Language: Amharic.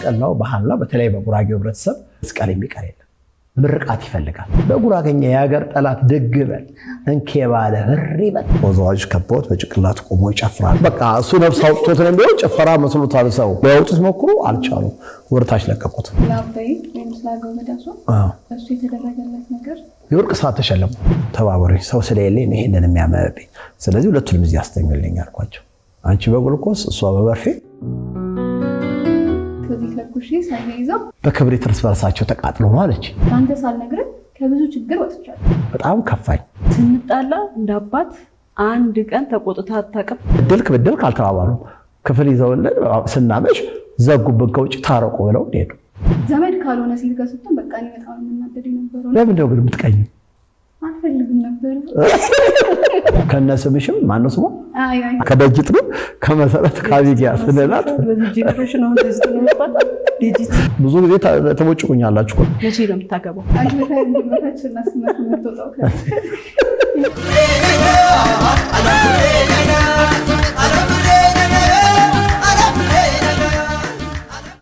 መስቀል ነው፣ ባህል ነው። በተለይ በጉራጌው ህብረተሰብ መስቀል የሚቀር የለም። ምርቃት ይፈልጋል። በጉራገኛ የሀገር ጠላት ድግ በል እንኬ ባለ ህሪ በል ተወዛዋዥ ከቦት በጭቅላት ቆሞ ይጨፍራል። በቃ እሱ ነፍስ አውጥቶት ነው የሚሆን ጭፈራ መስሎታል። ሰው ሊያወጡት ሞክሩ አልቻሉ፣ ወርታች ለቀቁት። የወርቅ ሰዓት ተሸለሙ። ተባበሪ ሰው ስለሌለኝ ይሄንን የሚያመብኝ ስለዚህ ሁለቱንም እዚህ አስተኙልኝ አልኳቸው። አንቺ በጉልኮስ እሷ በበርፌ ለኩሽ ሳይይዘው በክብር በክብሪት እርስ በርሳቸው ተቃጥሎ ነው አለች። አንተ ሳልነግርህ ከብዙ ችግር ወጥቻለሁ። በጣም ከፋኝ። ስንጣላ እንደ አባት አንድ ቀን ተቆጥታ አታውቅም። ብድልክ ብድልክ አልተባባሉም። ክፍል ይዘውልን ስናመሽ ዘጉብን። ከውጭ ታረቁ ብለው ሄዱ። ዘመድ ካልሆነ ሴት ጋር ስትሆን በቃ በጣም የምናደድ ነበረ። ለምንድነው ግን የምትቀኝ ከነ ስምሽም ማነው ስሙ ከደጅ ነው ከመሰረት ከአቤት ያስንላት። ብዙ ጊዜ ተቦጭቁኛላችሁ። መቼ ነው የምታገባው?